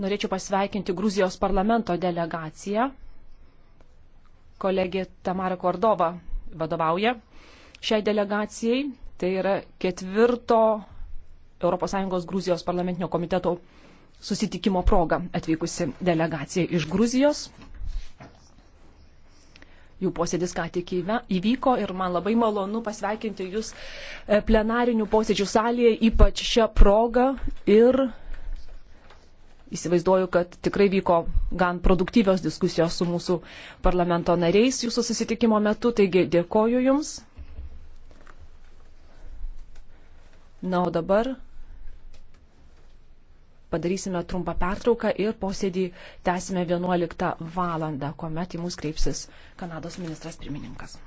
Norėčiau pasveikinti Gruzijos parlamento delegaciją. Kolegė Tamara Kordova vadovauja šiai delegacijai. Tai yra ketvirto ES Gruzijos parlamentinio komiteto susitikimo proga atvykusi delegacija iš Gruzijos. Jų posėdis ką tik įvyko ir man labai malonu pasveikinti Jūs e, plenarinių posėdžių salėje, ypač šią progą ir įsivaizduoju, kad tikrai vyko gan produktyvios diskusijos su mūsų parlamento nariais jūsų susitikimo metu, taigi dėkoju Jums. Na, o dabar padarysime trumpą pertrauką ir posėdį tęsime 11 valandą, kuomet į mus kreipsis Kanados ministras pirmininkas.